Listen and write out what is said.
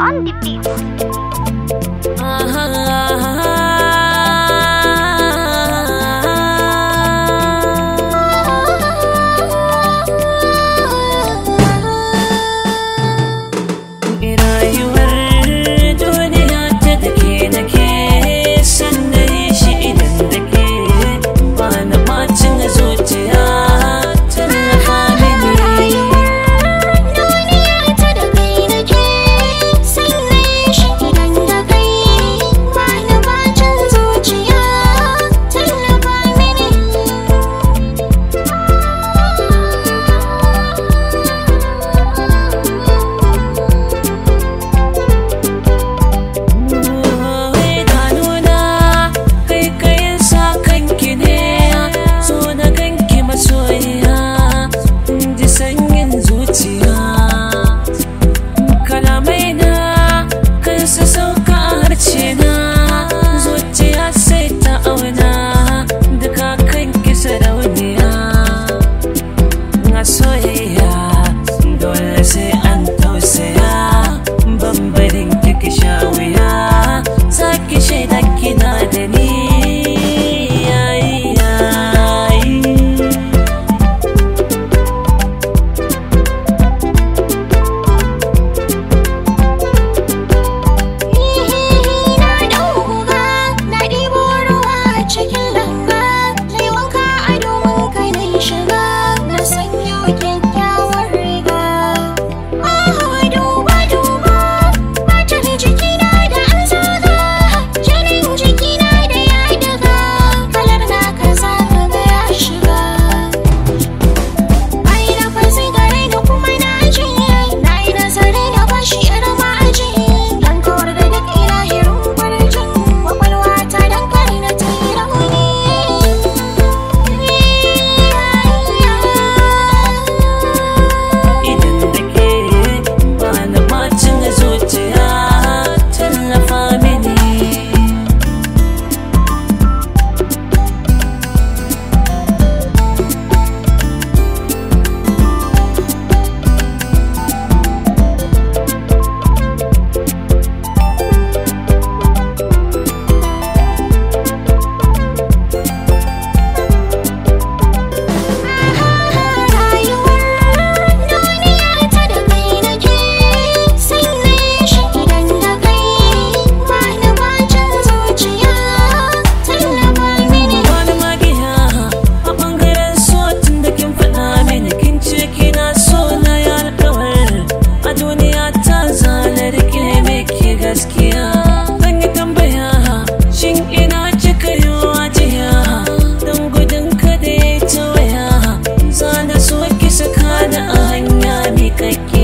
on the beat. te